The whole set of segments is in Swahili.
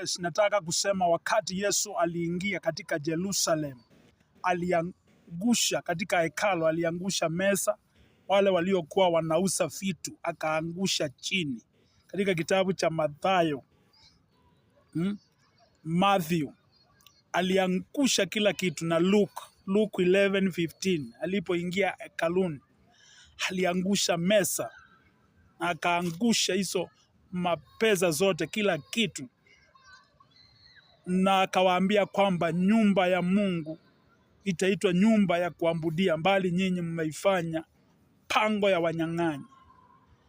Yes, nataka kusema wakati Yesu aliingia katika Jerusalem, aliangusha katika hekalo, aliangusha meza, wale waliokuwa wanauza vitu akaangusha chini. Katika kitabu cha Mathayo hmm? Matthew aliangusha kila kitu na Luke, Luke 11:15 alipoingia hekaluni aliangusha meza akaangusha hizo mapesa zote, kila kitu na akawaambia kwamba nyumba ya Mungu itaitwa nyumba ya kuambudia mbali nyinyi mmeifanya pango ya wanyang'anyi.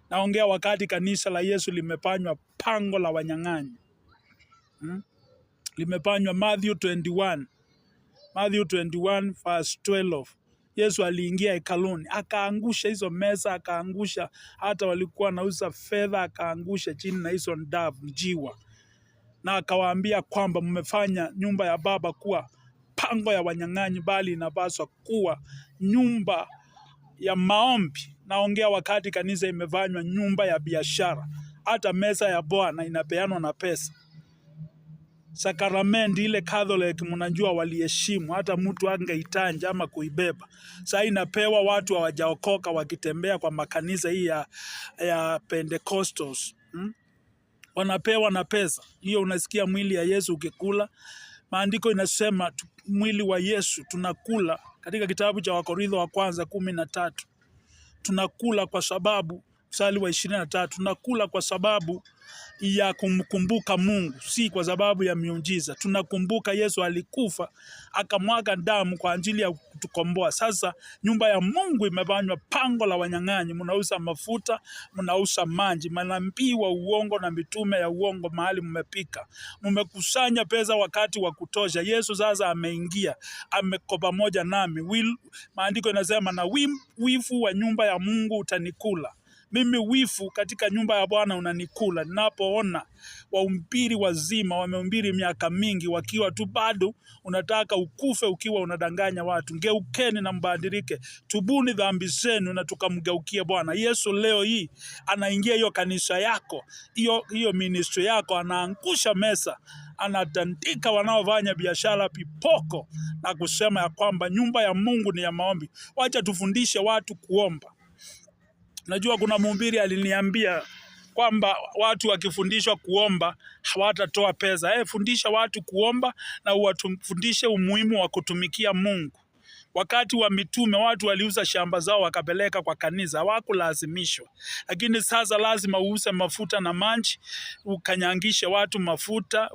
Naongea wakati kanisa la Yesu limepanywa pango la wanyang'anyi hmm? Limepanywa Matthew 21, Matthew 21 verse 12. Yesu aliingia hekaluni akaangusha hizo meza, akaangusha hata walikuwa nauza fedha, akaangusha chini na hizo ndavu njiwa na akawaambia kwamba mmefanya nyumba ya Baba kuwa pango ya wanyang'anyi, bali inapaswa kuwa nyumba ya maombi. Naongea wakati kanisa imefanywa nyumba ya biashara. Hata meza ya Bwana inapeanwa na pesa. Sakramenti ile Catholic mnajua waliheshimu, hata mtu angeitanja ama kuibeba. Sasa inapewa watu hawajaokoka wakitembea kwa makanisa hii ya, ya Pentecostals hmm? wanapewa na pesa hiyo. Unasikia mwili ya Yesu ukikula, maandiko inasema mwili wa Yesu tunakula katika kitabu cha Wakorintho wa kwanza kumi na tatu tunakula kwa sababu mstari wa ishirini na tatu tunakula kwa sababu ya kumkumbuka Mungu, si kwa sababu ya miujiza. Tunakumbuka Yesu alikufa akamwaga damu kwa ajili ya kutukomboa. Sasa nyumba ya Mungu imefanywa pango la wanyang'anyi. Mnauza mafuta, mnauza maji, manabii wa uongo na mitume ya uongo, mahali mmepika, mmekusanya pesa wakati wa kutosha. Yesu sasa ameingia, ameko pamoja nami. Maandiko inasema na wivu wa nyumba ya Mungu utanikula. Mimi wifu katika nyumba ya Bwana unanikula ninapoona waumbiri wazima wameumbiri miaka mingi wakiwa tu bado, unataka ukufe ukiwa unadanganya watu. Geukeni na mbadilike, tubuni dhambi zenu na tukamgeukie Bwana Yesu. Leo hii anaingia hiyo kanisa yako, hiyo hiyo ministry yako, anaangusha mesa anatandika wanaofanya biashara pipoko na kusema ya kwamba nyumba ya Mungu ni ya maombi. Wacha tufundishe watu kuomba. Najua kuna mhubiri aliniambia kwamba watu wakifundishwa kuomba hawatatoa pesa. Eh, fundisha watu kuomba na uwafundishe umuhimu wa kutumikia Mungu. Wakati wa mitume watu waliuza shamba zao wakapeleka kwa kanisa, hawakulazimishwa. Lakini sasa lazima uuze mafuta na maji, ukanyangishe watu mafuta,